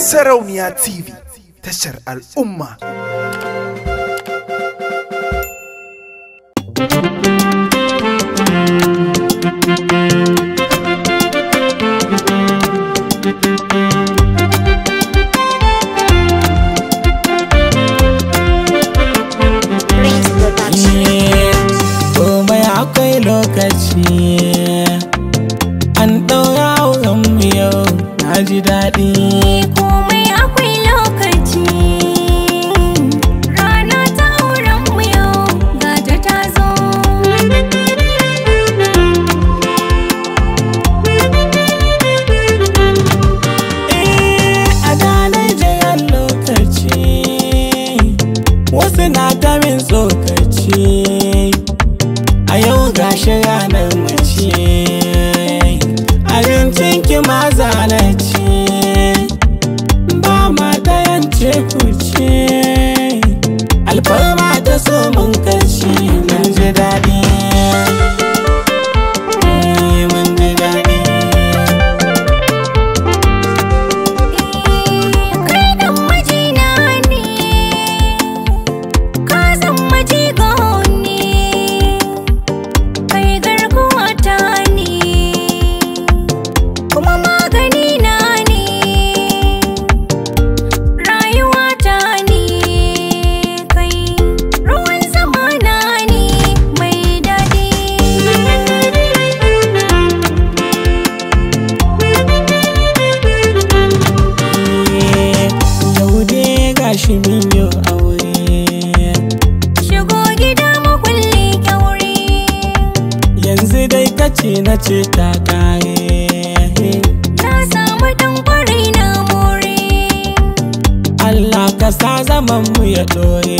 Sarauniya TV tashar al'umma. Komai akwai lokaci an ɗaura wuyan yau na ji daɗi. her şeye tashi min yau aure Shigo gida mu kulle Yanzu dai kace na ce ta kare Na samu dan kwarai na more Allah ka sa zaman mu ya dore